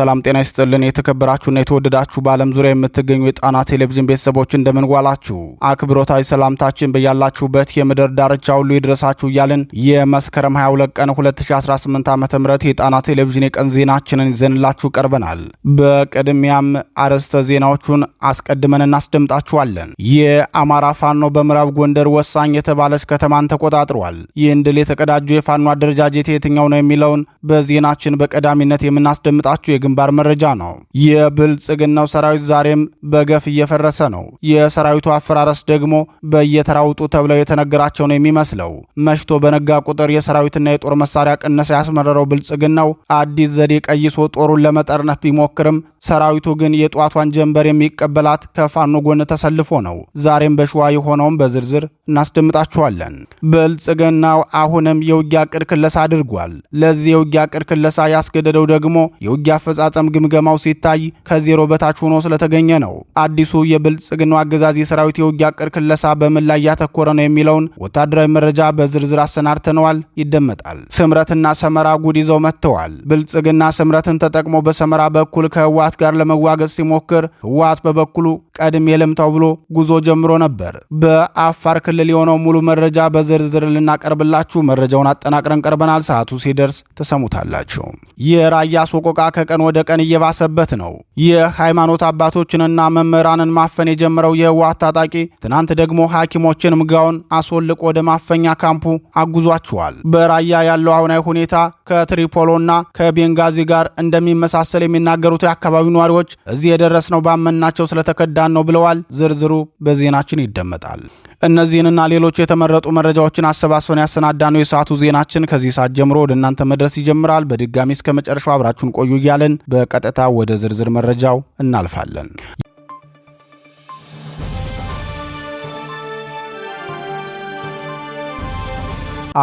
ሰላም ጤና ይስጥልን። የተከበራችሁና የተወደዳችሁ በዓለም ዙሪያ የምትገኙ የጣና ቴሌቪዥን ቤተሰቦች እንደምንጓላችሁ አክብሮታዊ ሰላምታችን በያላችሁበት የምድር ዳርቻ ሁሉ ይድረሳችሁ እያልን የመስከረም 22 ቀን 2018 ዓ ም የጣና ቴሌቪዥን የቀን ዜናችንን ይዘንላችሁ ቀርበናል። በቅድሚያም አርዕስተ ዜናዎቹን አስቀድመን እናስደምጣችኋለን። የአማራ ፋኖ በምዕራብ ጎንደር ወሳኝ የተባለች ከተማን ተቆጣጥሯል። ይህን ድል የተቀዳጁ የፋኖ አደረጃጀት የትኛው ነው የሚለውን በዜናችን በቀዳሚነት የምናስደምጣችሁ ግንባር መረጃ ነው። የብልጽግናው ሰራዊት ዛሬም በገፍ እየፈረሰ ነው። የሰራዊቱ አፈራረስ ደግሞ በየተራውጡ ተብለው የተነገራቸው ነው የሚመስለው። መሽቶ በነጋ ቁጥር የሰራዊትና የጦር መሳሪያ ቅነሳ ያስመረረው ብልጽግናው አዲስ ዘዴ ቀይሶ ጦሩን ለመጠርነፍ ቢሞክርም ሰራዊቱ ግን የጧቷን ጀንበር የሚቀበላት ከፋኖ ጎን ተሰልፎ ነው። ዛሬም በሸዋ የሆነውን በዝርዝር እናስደምጣችኋለን። ብልጽግናው አሁንም የውጊያ ቅድ ክለሳ አድርጓል። ለዚህ የውጊያ ቅድ ክለሳ ያስገደደው ደግሞ የውጊያ አፈጻጸም ግምገማው ሲታይ ከዜሮ በታች ሆኖ ስለተገኘ ነው። አዲሱ የብልጽግናው አገዛዝ የሰራዊት የውጊያ አቅር ክለሳ በምን ላይ ያተኮረ ነው የሚለውን ወታደራዊ መረጃ በዝርዝር አሰናድተነዋል። ይደመጣል። ስምረትና ሰመራ ጉድ ይዘው መጥተዋል። ብልጽግና ስምረትን ተጠቅሞ በሰመራ በኩል ከህወሓት ጋር ለመዋገዝ ሲሞክር፣ ህወሓት በበኩሉ ቀድሜ ልምታው ብሎ ጉዞ ጀምሮ ነበር። በአፋር ክልል የሆነው ሙሉ መረጃ በዝርዝር ልናቀርብላችሁ መረጃውን አጠናቅረን ቀርበናል። ሰዓቱ ሲደርስ ተሰሙታላችሁ። የራያ ሰቆቃ ከቀን ወደ ቀን እየባሰበት ነው። የሃይማኖት አባቶችንና መምህራንን ማፈን የጀመረው የህወሓት ታጣቂ ትናንት ደግሞ ሐኪሞችን ምጋውን አስወልቆ ወደ ማፈኛ ካምፑ አጉዟቸዋል። በራያ ያለው አሁናዊ ሁኔታ ከትሪፖሎና ከቤንጋዚ ጋር እንደሚመሳሰል የሚናገሩት የአካባቢው ነዋሪዎች እዚህ የደረስነው ባመናቸው ስለተከዳን ነው ብለዋል። ዝርዝሩ በዜናችን ይደመጣል። እነዚህንና ሌሎች የተመረጡ መረጃዎችን አሰባስበን ያሰናዳነው የሰዓቱ ዜናችን ከዚህ ሰዓት ጀምሮ ወደ እናንተ መድረስ ይጀምራል። በድጋሚ እስከ መጨረሻው አብራችሁን ቆዩ እያለን በቀጥታ ወደ ዝርዝር መረጃው እናልፋለን።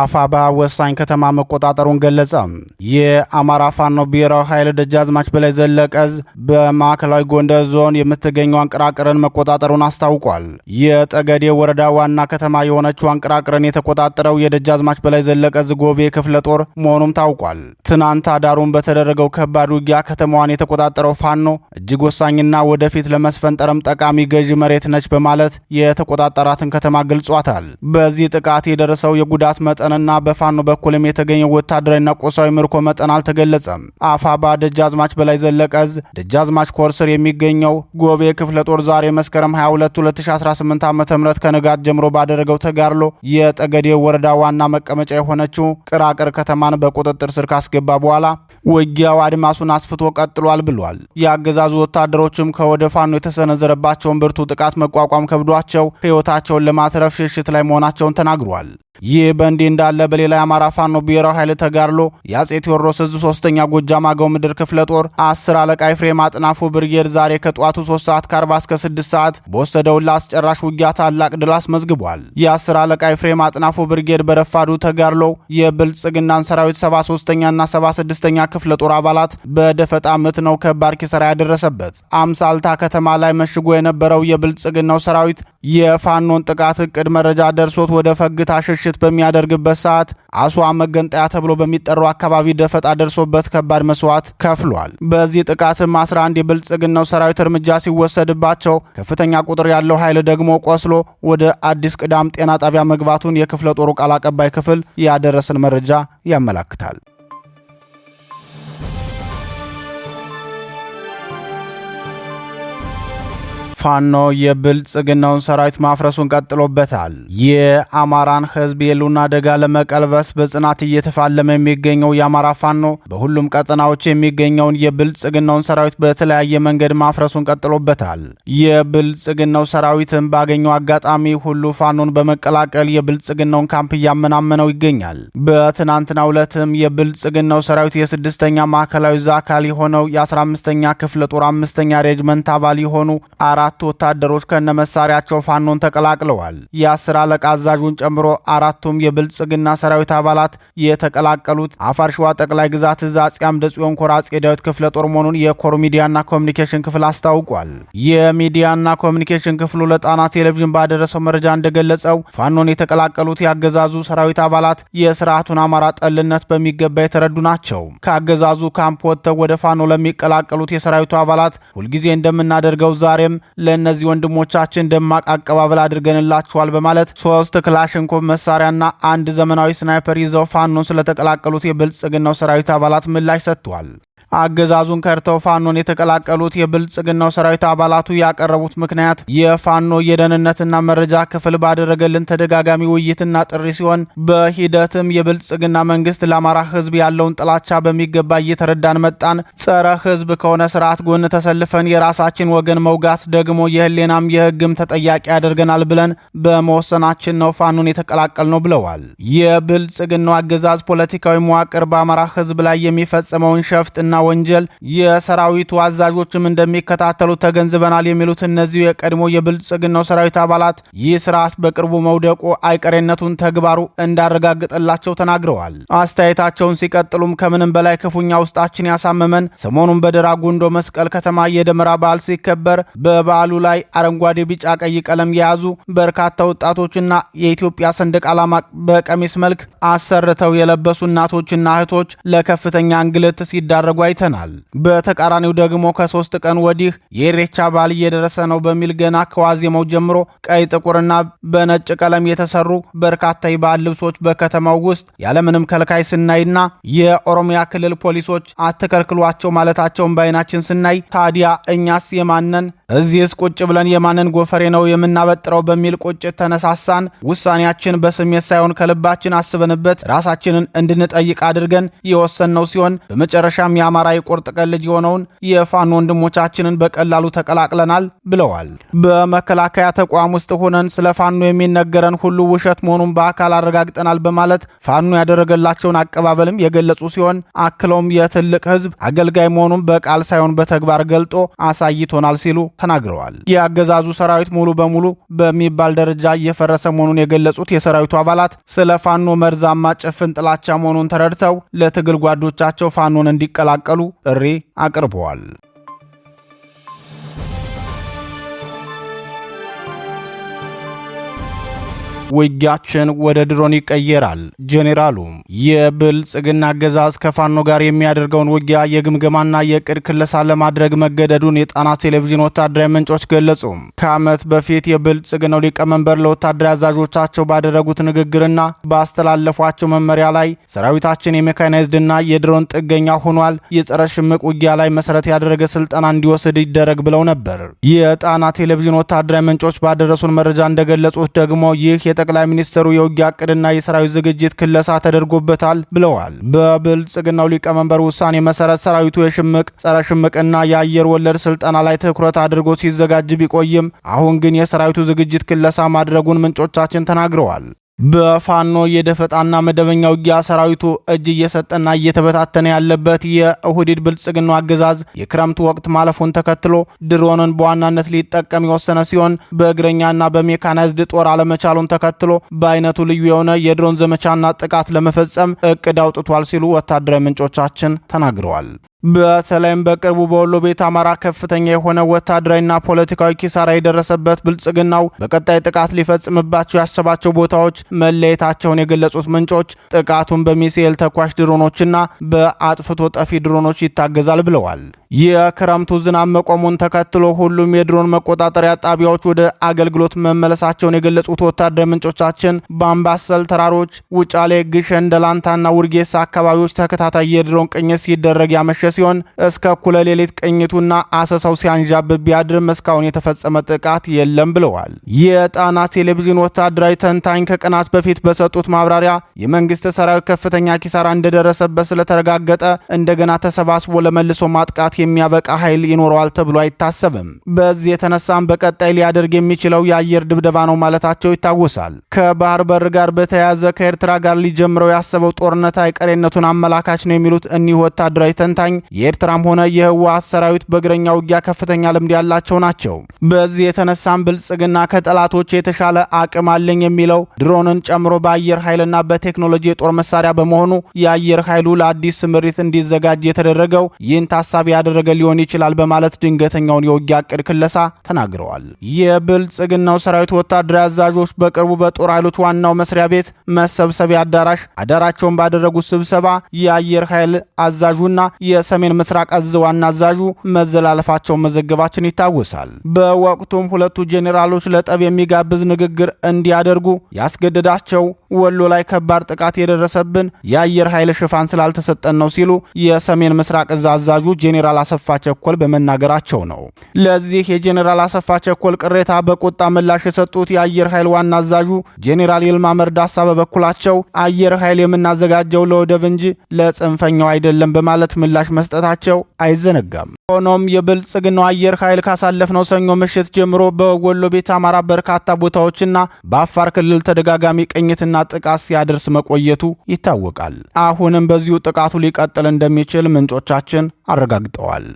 አፋባ ወሳኝ ከተማ መቆጣጠሩን ገለጸ። የአማራ ፋኖ ብሔራዊ ኃይል ደጃዝማች በላይ ዘለቀዝ በማዕከላዊ ጎንደር ዞን የምትገኘው አንቀራቅርን መቆጣጠሩን አስታውቋል። የጠገዴ ወረዳ ዋና ከተማ የሆነችው አንቀራቅርን የተቆጣጠረው የደጃዝማች በላይ ዘለቀዝ ጎቤ ክፍለ ጦር መሆኑም ታውቋል። ትናንት አዳሩን በተደረገው ከባድ ውጊያ ከተማዋን የተቆጣጠረው ፋኖ እጅግ ወሳኝና ወደፊት ለመስፈንጠረም ጠቃሚ ገዢ መሬት ነች በማለት የተቆጣጠራትን ከተማ ገልጿታል። በዚህ ጥቃት የደረሰው የጉዳት መ መጠንና በፋኖ በኩልም የተገኘው ወታደራዊና ቁሳዊ ምርኮ መጠን አልተገለጸም። አፋባ ደጃዝማች በላይ ዘለቀዝ ደጃዝማች ኮርስር የሚገኘው ጎቤ ክፍለ ጦር ዛሬ መስከረም 22 2018 ዓ ም ከንጋት ጀምሮ ባደረገው ተጋድሎ የጠገዴ ወረዳ ዋና መቀመጫ የሆነችው ቅራቅር ከተማን በቁጥጥር ስር ካስገባ በኋላ ውጊያው አድማሱን አስፍቶ ቀጥሏል ብሏል። የአገዛዙ ወታደሮችም ከወደ ፋኖ የተሰነዘረባቸውን ብርቱ ጥቃት መቋቋም ከብዷቸው ሕይወታቸውን ለማትረፍ ሽሽት ላይ መሆናቸውን ተናግሯል። ይህ በእንዲህ እንዳለ በሌላ የአማራ ፋኖ ብሔራዊ ኃይል ተጋድሎ የአጼ ቴዎድሮስ እዝ ሶስተኛ ጎጃም አገው ምድር ክፍለ ጦር አስር አለቃ ኤፍሬም አጥናፉ ብርጌድ ዛሬ ከጠዋቱ 3 ሰዓት ከ40 እስከ 6 ሰዓት በወሰደው ለአስጨራሽ ውጊያ ታላቅ ድል አስመዝግቧል። የአስር አለቃ ኤፍሬም አጥናፉ ብርጌድ በረፋዱ ተጋድሎ የብልጽግናን ሰራዊት 73ኛና 76ኛ ክፍለ ጦር አባላት በደፈጣ ምት ነው ከባድ ኪሳራ ያደረሰበት። አምሳልታ ከተማ ላይ መሽጎ የነበረው የብልጽግናው ሰራዊት የፋኖን ጥቃት እቅድ መረጃ ደርሶት ወደ ፈግታ ሽሽ ምሽት በሚያደርግበት ሰዓት አስዋ መገንጠያ ተብሎ በሚጠራው አካባቢ ደፈጣ ደርሶበት ከባድ መስዋዕት ከፍሏል። በዚህ ጥቃትም 11 የብልጽግናው ሰራዊት እርምጃ ሲወሰድባቸው፣ ከፍተኛ ቁጥር ያለው ኃይል ደግሞ ቆስሎ ወደ አዲስ ቅዳም ጤና ጣቢያ መግባቱን የክፍለ ጦሩ ቃል አቀባይ ክፍል ያደረሰን መረጃ ያመላክታል። ፋኖ የብልጽግናውን ሰራዊት ማፍረሱን ቀጥሎበታል። የአማራን ህዝብ የሉና አደጋ ለመቀልበስ በጽናት እየተፋለመ የሚገኘው የአማራ ፋኖ በሁሉም ቀጠናዎች የሚገኘውን የብልጽግናውን ሰራዊት በተለያየ መንገድ ማፍረሱን ቀጥሎበታል። የብልጽግናው ሰራዊትን ባገኘው አጋጣሚ ሁሉ ፋኖን በመቀላቀል የብልጽግናውን ካምፕ እያመናመነው ይገኛል። በትናንትናው ዕለትም የብልጽግናው ሰራዊት የስድስተኛ ማዕከላዊ እዝ አካል የሆነው የ15ኛ ክፍለ ጦር አምስተኛ ሬጅመንት አባል የሆኑ አራት አራት ወታደሮች ከነመሳሪያቸው ፋኖን ተቀላቅለዋል። የአስር አለቃ አዛዡን ጨምሮ አራቱም የብልጽግና ሰራዊት አባላት የተቀላቀሉት አፋር ሸዋ ጠቅላይ ግዛት እዝ አጼ አምደ ጽዮን ኮር አጼ ዳዊት ክፍለ ጦር መሆኑን የኮር ሚዲያና ኮሚኒኬሽን ክፍል አስታውቋል። የሚዲያና ኮሚኒኬሽን ክፍሉ ለጣና ቴሌቪዥን ባደረሰው መረጃ እንደገለጸው ፋኖን የተቀላቀሉት የአገዛዙ ሰራዊት አባላት የስርዓቱን አማራ ጠልነት በሚገባ የተረዱ ናቸው። ከአገዛዙ ካምፕ ወጥተው ወደ ፋኖ ለሚቀላቀሉት የሰራዊቱ አባላት ሁልጊዜ እንደምናደርገው ዛሬም ለእነዚህ ወንድሞቻችን ደማቅ አቀባበል አድርገንላችኋል በማለት ሶስት ክላሽንኮቭ መሳሪያና አንድ ዘመናዊ ስናይፐር ይዘው ፋኖን ስለተቀላቀሉት የብልጽግናው ሰራዊት አባላት ምላሽ ሰጥተዋል። አገዛዙን ከርተው ፋኖን የተቀላቀሉት የብልጽግናው ሰራዊት አባላቱ ያቀረቡት ምክንያት የፋኖ የደህንነትና መረጃ ክፍል ባደረገልን ተደጋጋሚ ውይይትና ጥሪ ሲሆን በሂደትም የብልጽግና መንግስት ለአማራ ሕዝብ ያለውን ጥላቻ በሚገባ እየተረዳን መጣን። ጸረ ሕዝብ ከሆነ ስርዓት ጎን ተሰልፈን የራሳችን ወገን መውጋት ደግሞ የህሌናም የህግም ተጠያቂ ያደርገናል ብለን በመወሰናችን ነው ፋኖን የተቀላቀል ነው ብለዋል። የብልጽግናው አገዛዝ ፖለቲካዊ መዋቅር በአማራ ሕዝብ ላይ የሚፈጽመውን ሸፍጥ ሙስና ወንጀል የሰራዊቱ አዛዦችም እንደሚከታተሉ ተገንዝበናል የሚሉት እነዚሁ የቀድሞ የብልጽግናው ሰራዊት አባላት ይህ ስርዓት በቅርቡ መውደቁ አይቀሬነቱን ተግባሩ እንዳረጋግጥላቸው ተናግረዋል። አስተያየታቸውን ሲቀጥሉም ከምንም በላይ ክፉኛ ውስጣችን ያሳመመን ሰሞኑን በደራ ጉንዶ መስቀል ከተማ የደመራ በዓል ሲከበር በበዓሉ ላይ አረንጓዴ፣ ቢጫ፣ ቀይ ቀለም የያዙ በርካታ ወጣቶችና የኢትዮጵያ ሰንደቅ ዓላማ በቀሚስ መልክ አሰርተው የለበሱ እናቶችና እህቶች ለከፍተኛ እንግልት ሲዳረጉ ሲያደርጉ አይተናል። በተቃራኒው ደግሞ ከሶስት ቀን ወዲህ የኢሬቻ በዓል እየደረሰ ነው በሚል ገና ከዋዜማው ጀምሮ ቀይ፣ ጥቁርና በነጭ ቀለም የተሰሩ በርካታ የበዓል ልብሶች በከተማው ውስጥ ያለምንም ከልካይ ስናይና የኦሮሚያ ክልል ፖሊሶች አትከልክሏቸው ማለታቸውን በአይናችን ስናይ ታዲያ እኛስ የማንን እዚህስ ቁጭ ብለን የማንን ጎፈሬ ነው የምናበጥረው በሚል ቁጭት ተነሳሳን። ውሳኔያችን በስሜት ሳይሆን ከልባችን አስበንበት ራሳችንን እንድንጠይቅ አድርገን ነው ሲሆን በመጨረሻም የአማራ የቁርጥ ቀን ልጅ የሆነውን የፋኖ ወንድሞቻችንን በቀላሉ ተቀላቅለናል ብለዋል። በመከላከያ ተቋም ውስጥ ሆነን ስለ ፋኖ የሚነገረን ሁሉ ውሸት መሆኑን በአካል አረጋግጠናል በማለት ፋኖ ያደረገላቸውን አቀባበልም የገለጹ ሲሆን አክለውም የትልቅ ህዝብ አገልጋይ መሆኑን በቃል ሳይሆን በተግባር ገልጦ አሳይቶናል ሲሉ ተናግረዋል። የአገዛዙ ሰራዊት ሙሉ በሙሉ በሚባል ደረጃ እየፈረሰ መሆኑን የገለጹት የሰራዊቱ አባላት ስለ ፋኖ መርዛማ ጭፍን ጥላቻ መሆኑን ተረድተው ለትግል ጓዶቻቸው ፋኖን እንዲቀላ እንዲቀላቀሉ ጥሪ አቅርበዋል። ውጊያችን ወደ ድሮን ይቀየራል። ጄኔራሉ የብልጽግና አገዛዝ ከፋኖ ጋር የሚያደርገውን ውጊያ የግምገማና የቅድ ክለሳ ለማድረግ መገደዱን የጣና ቴሌቪዥን ወታደራዊ ምንጮች ገለጹ። ከዓመት በፊት የብልጽግናው ሊቀመንበር ለወታደራዊ አዛዦቻቸው ባደረጉት ንግግርና ባስተላለፏቸው መመሪያ ላይ ሰራዊታችን የሜካናይዝድና የድሮን ጥገኛ ሆኗል፣ የጸረ ሽምቅ ውጊያ ላይ መሰረት ያደረገ ስልጠና እንዲወስድ ይደረግ ብለው ነበር። የጣና ቴሌቪዥን ወታደራዊ ምንጮች ባደረሱን መረጃ እንደገለጹት ደግሞ ይህ የጠቅላይ ሚኒስትሩ የውጊያ እቅድና የሰራዊት ዝግጅት ክለሳ ተደርጎበታል ብለዋል። በብልጽግናው ሊቀመንበር ውሳኔ መሰረት ሰራዊቱ የሽምቅ ጸረ ሽምቅና የአየር ወለድ ስልጠና ላይ ትኩረት አድርጎ ሲዘጋጅ ቢቆይም አሁን ግን የሰራዊቱ ዝግጅት ክለሳ ማድረጉን ምንጮቻችን ተናግረዋል። በፋኖ የደፈጣና መደበኛ ውጊያ ሰራዊቱ እጅ እየሰጠና እየተበታተነ ያለበት የኦህዴድ ብልጽግና አገዛዝ የክረምት ወቅት ማለፉን ተከትሎ ድሮንን በዋናነት ሊጠቀም የወሰነ ሲሆን በእግረኛና በሜካናይዝድ ጦር አለመቻሉን ተከትሎ በአይነቱ ልዩ የሆነ የድሮን ዘመቻና ጥቃት ለመፈጸም እቅድ አውጥቷል ሲሉ ወታደራዊ ምንጮቻችን ተናግረዋል። በተለይም በቅርቡ በወሎ ቤት አማራ ከፍተኛ የሆነ ወታደራዊና ፖለቲካዊ ኪሳራ የደረሰበት ብልጽግናው በቀጣይ ጥቃት ሊፈጽምባቸው ያሰባቸው ቦታዎች መለየታቸውን የገለጹት ምንጮች ጥቃቱን በሚሳኤል ተኳሽ ድሮኖችና በአጥፍቶ ጠፊ ድሮኖች ይታገዛል ብለዋል። የክረምቱ ዝናብ መቆሙን ተከትሎ ሁሉም የድሮን መቆጣጠሪያ ጣቢያዎች ወደ አገልግሎት መመለሳቸውን የገለጹት ወታደር ምንጮቻችን በአምባሰል ተራሮች፣ ውጫሌ፣ ግሸን፣ ደላንታና ውርጌሳ አካባቢዎች ተከታታይ የድሮን ቅኝት ሲደረግ ያመሸ ሲሆን እስከ እኩለ ሌሊት ቅኝቱና አሰሳው ሲያንዣብብ ቢያድርም እስካሁን የተፈጸመ ጥቃት የለም ብለዋል። የጣና ቴሌቪዥን ወታደራዊ ተንታኝ ከቀናት በፊት በሰጡት ማብራሪያ የመንግስት ሰራዊት ከፍተኛ ኪሳራ እንደደረሰበት ስለተረጋገጠ እንደገና ተሰባስቦ ለመልሶ ማጥቃት የሚያበቃ ኃይል ይኖረዋል ተብሎ አይታሰብም። በዚህ የተነሳም በቀጣይ ሊያደርግ የሚችለው የአየር ድብደባ ነው ማለታቸው ይታወሳል። ከባህር በር ጋር በተያያዘ ከኤርትራ ጋር ሊጀምረው ያሰበው ጦርነት አይቀሬነቱን አመላካች ነው የሚሉት እኒህ ወታደራዊ ተንታኝ የኤርትራም ሆነ የህወሀት ሰራዊት በእግረኛ ውጊያ ከፍተኛ ልምድ ያላቸው ናቸው። በዚህ የተነሳም ብልጽግና ከጠላቶች የተሻለ አቅም አለኝ የሚለው ድሮንን ጨምሮ በአየር ኃይልና በቴክኖሎጂ የጦር መሳሪያ በመሆኑ የአየር ኃይሉ ለአዲስ ስምሪት እንዲዘጋጅ የተደረገው ይህን ታሳቢ የተደረገ ሊሆን ይችላል በማለት ድንገተኛውን የውጊያ እቅድ ክለሳ ተናግረዋል። የብልጽግናው ሰራዊት ወታደራዊ አዛዦች በቅርቡ በጦር ኃይሎች ዋናው መስሪያ ቤት መሰብሰቢያ አዳራሽ አዳራቸውን ባደረጉት ስብሰባ የአየር ኃይል አዛዡና የሰሜን ምስራቅ እዝ ዋና አዛዡ መዘላለፋቸውን መዘገባችን ይታወሳል። በወቅቱም ሁለቱ ጄኔራሎች ለጠብ የሚጋብዝ ንግግር እንዲያደርጉ ያስገደዳቸው ወሎ ላይ ከባድ ጥቃት የደረሰብን የአየር ኃይል ሽፋን ስላልተሰጠን ነው ሲሉ የሰሜን ምስራቅ እዝ አዛዡ ጄኔራል አሰፋ ቸኮል በመናገራቸው ነው። ለዚህ የጄኔራል አሰፋ ቸኮል ቅሬታ በቁጣ ምላሽ የሰጡት የአየር ኃይል ዋና አዛዡ ጄኔራል ይልማ መርዳሳ በበኩላቸው አየር ኃይል የምናዘጋጀው ለወደብ እንጂ ለጽንፈኛው አይደለም በማለት ምላሽ መስጠታቸው አይዘነጋም። ሆኖም የብልጽግናው አየር ኃይል ካሳለፍነው ሰኞ ምሽት ጀምሮ በወሎ ቤት አማራ በርካታ ቦታዎችና በአፋር ክልል ተደጋጋሚ ቅኝትና ጥቃት ሲያደርስ መቆየቱ ይታወቃል። አሁንም በዚሁ ጥቃቱ ሊቀጥል እንደሚችል ምንጮቻችን አረጋግጠዋል።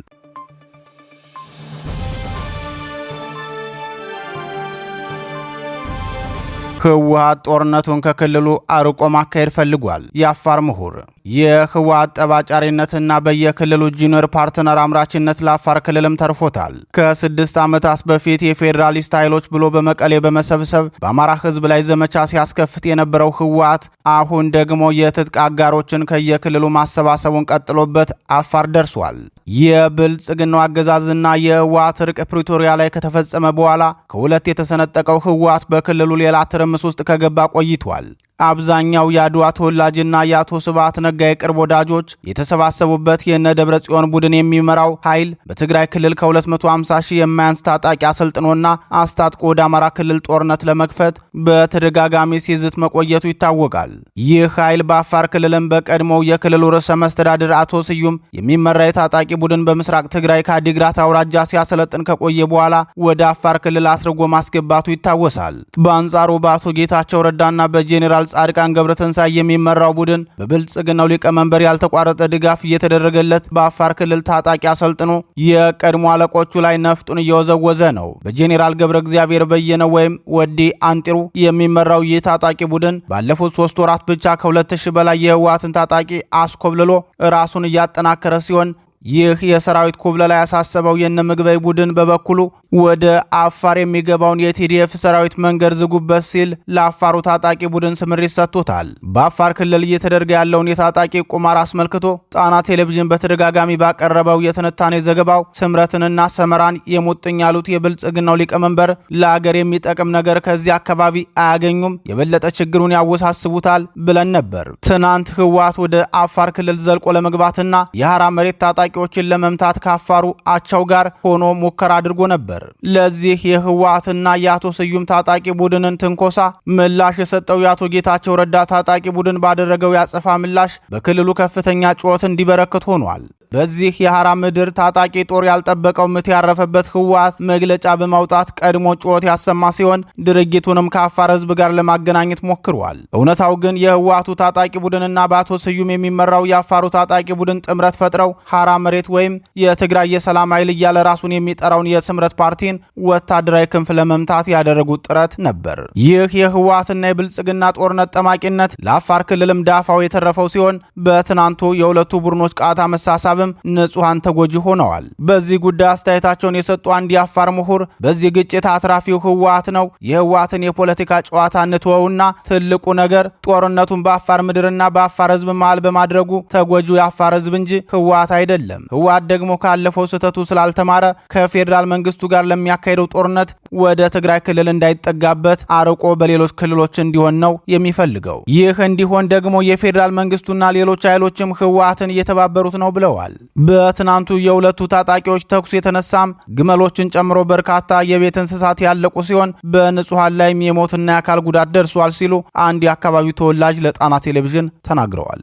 ህወሀት ጦርነቱን ከክልሉ አርቆ ማካሄድ ፈልጓል። የአፋር ምሁር የህወሀት ጠባጫሪነትና በየክልሉ ጁኒየር ፓርትነር አምራችነት ለአፋር ክልልም ተርፎታል። ከስድስት ዓመታት በፊት የፌዴራሊስት ኃይሎች ብሎ በመቀሌ በመሰብሰብ በአማራ ህዝብ ላይ ዘመቻ ሲያስከፍት የነበረው ህወሀት አሁን ደግሞ የትጥቅ አጋሮችን ከየክልሉ ማሰባሰቡን ቀጥሎበት አፋር ደርሷል። የብልጽግናው አገዛዝና የህወሀት እርቅ ፕሪቶሪያ ላይ ከተፈጸመ በኋላ ከሁለት የተሰነጠቀው ህወሀት በክልሉ ሌላ ትርም ውስጥ ከገባ ቆይቷል። አብዛኛው የአድዋ ተወላጅና የአቶ ስብሃት ነጋ የቅርብ ወዳጆች የተሰባሰቡበት የነ ደብረ ጽዮን ቡድን የሚመራው ኃይል በትግራይ ክልል ከ250 ሺህ የማያንስ ታጣቂ አሰልጥኖና አስታጥቆ ወደ አማራ ክልል ጦርነት ለመክፈት በተደጋጋሚ ሲዝት መቆየቱ ይታወቃል። ይህ ኃይል በአፋር ክልልም በቀድሞው የክልሉ ርዕሰ መስተዳድር አቶ ስዩም የሚመራ የታጣቂ ቡድን በምስራቅ ትግራይ ከአዲግራት አውራጃ ሲያሰለጥን ከቆየ በኋላ ወደ አፋር ክልል አስርጎ ማስገባቱ ይታወሳል። በአንጻሩ በአቶ ጌታቸው ረዳና በጄኔራል ጻድቃን ገብረትንሳኤ የሚመራው ቡድን በብልጽግናው ሊቀመንበር ያልተቋረጠ ድጋፍ እየተደረገለት በአፋር ክልል ታጣቂ አሰልጥኖ የቀድሞ አለቆቹ ላይ ነፍጡን እየወዘወዘ ነው። በጄኔራል ገብረ እግዚአብሔር በየነ ወይም ወዲ አንጢሩ የሚመራው ይህ ታጣቂ ቡድን ባለፉት ሶስት ወራት ብቻ ከሁለት ሺህ በላይ የህወሓትን ታጣቂ አስኮብልሎ ራሱን እያጠናከረ ሲሆን ይህ የሰራዊት ላይ ያሳሰበው የነ ምግበይ ቡድን በበኩሉ ወደ አፋር የሚገባውን የቲዲኤፍ ሰራዊት መንገድ ዝጉበት ሲል ለአፋሩ ታጣቂ ቡድን ስምሪት ሰጥቶታል። በአፋር ክልል እየተደረገ ያለውን የታጣቂ ቁማር አስመልክቶ ጣና ቴሌቪዥን በተደጋጋሚ ባቀረበው የትንታኔ ዘገባው ስምረትንና ሰመራን የሙጥኝ ያሉት የብልጽግናው ሊቀመንበር ለአገር የሚጠቅም ነገር ከዚህ አካባቢ አያገኙም፣ የበለጠ ችግሩን ያወሳስቡታል ብለን ነበር። ትናንት ህወሓት ወደ አፋር ክልል ዘልቆ ለመግባትና የሐራ መሬት ታጣቂ ታጣቂዎችን ለመምታት ካፋሩ አቻው ጋር ሆኖ ሙከራ አድርጎ ነበር። ለዚህ የህወሓትና የአቶ ስዩም ታጣቂ ቡድንን ትንኮሳ ምላሽ የሰጠው የአቶ ጌታቸው ረዳ ታጣቂ ቡድን ባደረገው ያጸፋ ምላሽ በክልሉ ከፍተኛ ጩኸት እንዲበረክት ሆኗል። በዚህ የሐራ ምድር ታጣቂ ጦር ያልጠበቀው ምት ያረፈበት ህወሓት መግለጫ በማውጣት ቀድሞ ጩኸት ያሰማ ሲሆን ድርጊቱንም ከአፋር ህዝብ ጋር ለማገናኘት ሞክሯል። እውነታው ግን የህወሓቱ ታጣቂ ቡድንና በአቶ ስዩም የሚመራው የአፋሩ ታጣቂ ቡድን ጥምረት ፈጥረው ሐራ መሬት ወይም የትግራይ የሰላም ኃይል እያለ ራሱን የሚጠራውን የስምረት ፓርቲን ወታደራዊ ክንፍ ለመምታት ያደረጉት ጥረት ነበር። ይህ የህወሓትና የብልጽግና ጦርነት ጠማቂነት ለአፋር ክልልም ዳፋው የተረፈው ሲሆን በትናንቱ የሁለቱ ቡድኖች ቃታ መሳሳብ በመሳብም ንጹሐን ተጎጂ ሆነዋል። በዚህ ጉዳይ አስተያየታቸውን የሰጡ አንድ የአፋር ምሁር በዚህ ግጭት አትራፊው ህወሓት ነው፣ የህወሓትን የፖለቲካ ጨዋታ እንትወውና ትልቁ ነገር ጦርነቱን በአፋር ምድርና በአፋር ህዝብ መሃል በማድረጉ ተጎጂው የአፋር ህዝብ እንጂ ህወሓት አይደለም። ህወሓት ደግሞ ካለፈው ስህተቱ ስላልተማረ ከፌዴራል መንግስቱ ጋር ለሚያካሄደው ጦርነት ወደ ትግራይ ክልል እንዳይጠጋበት አርቆ በሌሎች ክልሎች እንዲሆን ነው የሚፈልገው። ይህ እንዲሆን ደግሞ የፌዴራል መንግስቱና ሌሎች ኃይሎችም ህወሓትን እየተባበሩት ነው ብለዋል። ተገልጿል። በትናንቱ የሁለቱ ታጣቂዎች ተኩስ የተነሳም ግመሎችን ጨምሮ በርካታ የቤት እንስሳት ያለቁ ሲሆን በንጹሐን ላይም የሞትና የአካል ጉዳት ደርሷል ሲሉ አንድ የአካባቢው ተወላጅ ለጣና ቴሌቪዥን ተናግረዋል።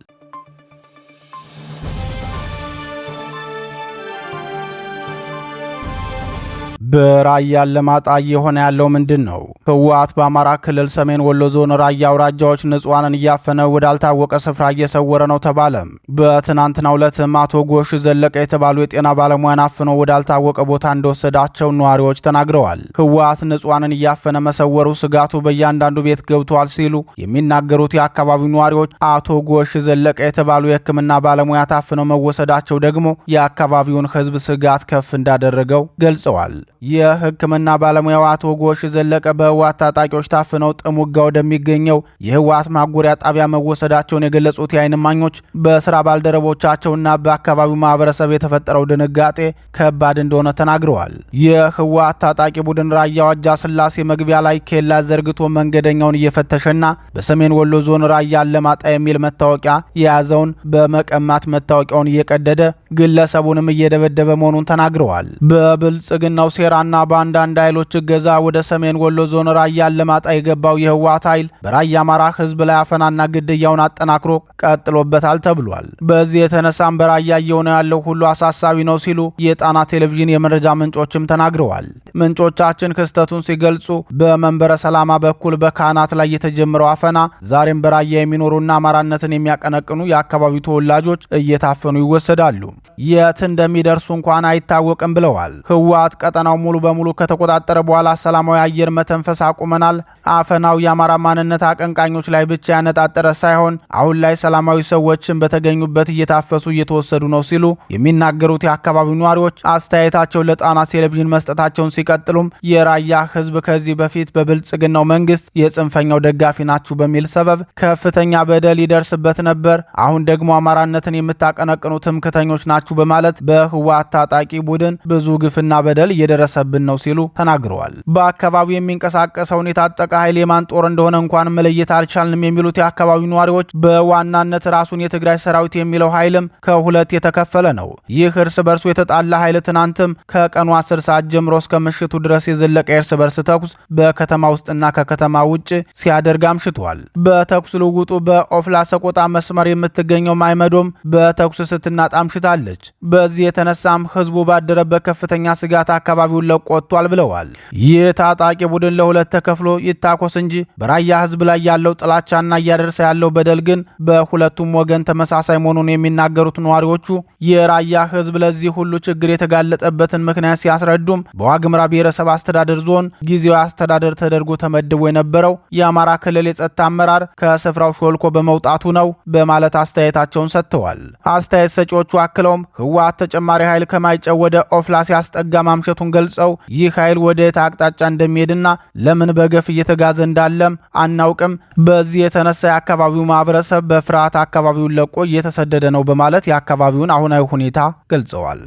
በራያ ለማጣ እየሆነ ያለው ምንድን ነው? ህወሓት በአማራ ክልል ሰሜን ወሎ ዞን ራያ አውራጃዎች ንጹሐንን እያፈነ ወዳልታወቀ ስፍራ እየሰወረ ነው ተባለም። በትናንትናው ዕለትም አቶ ጎሽ ዘለቀ የተባሉ የጤና ባለሙያን አፍኖ ወዳልታወቀ ቦታ እንደወሰዳቸው ነዋሪዎች ተናግረዋል። ህወሓት ንጹሐንን እያፈነ መሰወሩ ስጋቱ በእያንዳንዱ ቤት ገብቷል ሲሉ የሚናገሩት የአካባቢው ነዋሪዎች አቶ ጎሽ ዘለቀ የተባሉ የህክምና ባለሙያ ታፍነው መወሰዳቸው ደግሞ የአካባቢውን ህዝብ ስጋት ከፍ እንዳደረገው ገልጸዋል። የሕክምና ባለሙያው አቶ ጎሽ ዘለቀ በህወሓት ታጣቂዎች ታፍነው ጥሙጋ ወደሚገኘው የህወሓት ማጎሪያ ጣቢያ መወሰዳቸውን የገለጹት የአይን እማኞች በስራ ባልደረቦቻቸውና በአካባቢው ማህበረሰብ የተፈጠረው ድንጋጤ ከባድ እንደሆነ ተናግረዋል። የህወሓት ታጣቂ ቡድን ራያ ዋጃ ስላሴ መግቢያ ላይ ኬላ ዘርግቶ መንገደኛውን እየፈተሸና በሰሜን ወሎ ዞን ራያ አለማጣ የሚል መታወቂያ የያዘውን በመቀማት መታወቂያውን እየቀደደ ግለሰቡንም እየደበደበ መሆኑን ተናግረዋል። በብልጽግናው ሴ ሴራና በአንዳንድ ኃይሎች እገዛ ወደ ሰሜን ወሎ ዞን ራያ ለማጣ የገባው የህወሓት ኃይል በራያ አማራ ህዝብ ላይ አፈናና ግድያውን አጠናክሮ ቀጥሎበታል ተብሏል። በዚህ የተነሳም በራያ እየሆነ ያለው ሁሉ አሳሳቢ ነው ሲሉ የጣና ቴሌቪዥን የመረጃ ምንጮችም ተናግረዋል። ምንጮቻችን ክስተቱን ሲገልጹ በመንበረ ሰላማ በኩል በካህናት ላይ የተጀመረው አፈና ዛሬም በራያ የሚኖሩና አማራነትን የሚያቀነቅኑ የአካባቢው ተወላጆች እየታፈኑ ይወሰዳሉ። የት እንደሚደርሱ እንኳን አይታወቅም ብለዋል። ህወሓት ቀጠናው ከተማው ሙሉ በሙሉ ከተቆጣጠረ በኋላ ሰላማዊ አየር መተንፈስ አቁመናል። አፈናው የአማራ ማንነት አቀንቃኞች ላይ ብቻ ያነጣጠረ ሳይሆን አሁን ላይ ሰላማዊ ሰዎችን በተገኙበት እየታፈሱ እየተወሰዱ ነው ሲሉ የሚናገሩት የአካባቢው ነዋሪዎች አስተያየታቸውን ለጣና ቴሌቪዥን መስጠታቸውን ሲቀጥሉም የራያ ህዝብ ከዚህ በፊት በብልጽግናው መንግስት የጽንፈኛው ደጋፊ ናችሁ በሚል ሰበብ ከፍተኛ በደል ይደርስበት ነበር። አሁን ደግሞ አማራነትን የምታቀነቅኑ ትምክተኞች ናችሁ በማለት በህወሓት ታጣቂ ቡድን ብዙ ግፍና በደል እየደረሰ እየደረሰብን ነው ሲሉ ተናግረዋል። በአካባቢው የሚንቀሳቀሰውን የታጠቀ ኃይል የማን ጦር እንደሆነ እንኳን መለየት አልቻልንም የሚሉት የአካባቢው ነዋሪዎች በዋናነት ራሱን የትግራይ ሰራዊት የሚለው ኃይልም ከሁለት የተከፈለ ነው። ይህ እርስ በርሱ የተጣላ ኃይል ትናንትም ከቀኑ 10 ሰዓት ጀምሮ እስከ ምሽቱ ድረስ የዘለቀ የእርስ በርስ ተኩስ በከተማ ውስጥና ከከተማ ውጭ ሲያደርግ አምሽቷል። በተኩስ ልውውጡ በኦፍላ ሰቆጣ መስመር የምትገኘው ማይመዶም በተኩስ ስትናጣምሽታለች። አምሽታለች። በዚህ የተነሳም ህዝቡ ባደረበት ከፍተኛ ስጋት አካባቢው አካባቢውን ለቆ ወጥቷል ብለዋል። ይህ ታጣቂ ቡድን ለሁለት ተከፍሎ ይታኮስ እንጂ በራያ ህዝብ ላይ ያለው ጥላቻና እያደረሰ ያለው በደል ግን በሁለቱም ወገን ተመሳሳይ መሆኑን የሚናገሩት ነዋሪዎቹ የራያ ህዝብ ለዚህ ሁሉ ችግር የተጋለጠበትን ምክንያት ሲያስረዱም በዋግምራ ብሔረሰብ አስተዳደር ዞን ጊዜያዊ አስተዳደር ተደርጎ ተመድቦ የነበረው የአማራ ክልል የጸጥታ አመራር ከስፍራው ሾልኮ በመውጣቱ ነው በማለት አስተያየታቸውን ሰጥተዋል። አስተያየት ሰጪዎቹ አክለውም ህወሓት ተጨማሪ ኃይል ከማይጨው ወደ ኦፍላ ሲያስጠጋ ማምሸቱን ገልጸዋል። ገልጸው ይህ ኃይል ወደ የት አቅጣጫ እንደሚሄድና ለምን በገፍ እየተጋዘ እንዳለም አናውቅም። በዚህ የተነሳ የአካባቢው ማህበረሰብ በፍርሃት አካባቢውን ለቆ እየተሰደደ ነው በማለት የአካባቢውን አሁናዊ ሁኔታ ገልጸዋል።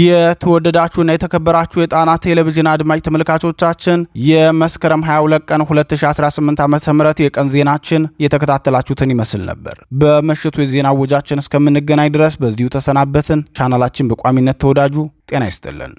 የተወደዳችሁና የተከበራችሁ የጣና ቴሌቪዥን አድማጭ ተመልካቾቻችን የመስከረም 22 ቀን 2018 ዓ ም የቀን ዜናችን የተከታተላችሁትን ይመስል ነበር። በምሽቱ የዜና ውጃችን እስከምንገናኝ ድረስ በዚሁ ተሰናበትን። ቻናላችን በቋሚነት ተወዳጁ ጤና ይስጥልን።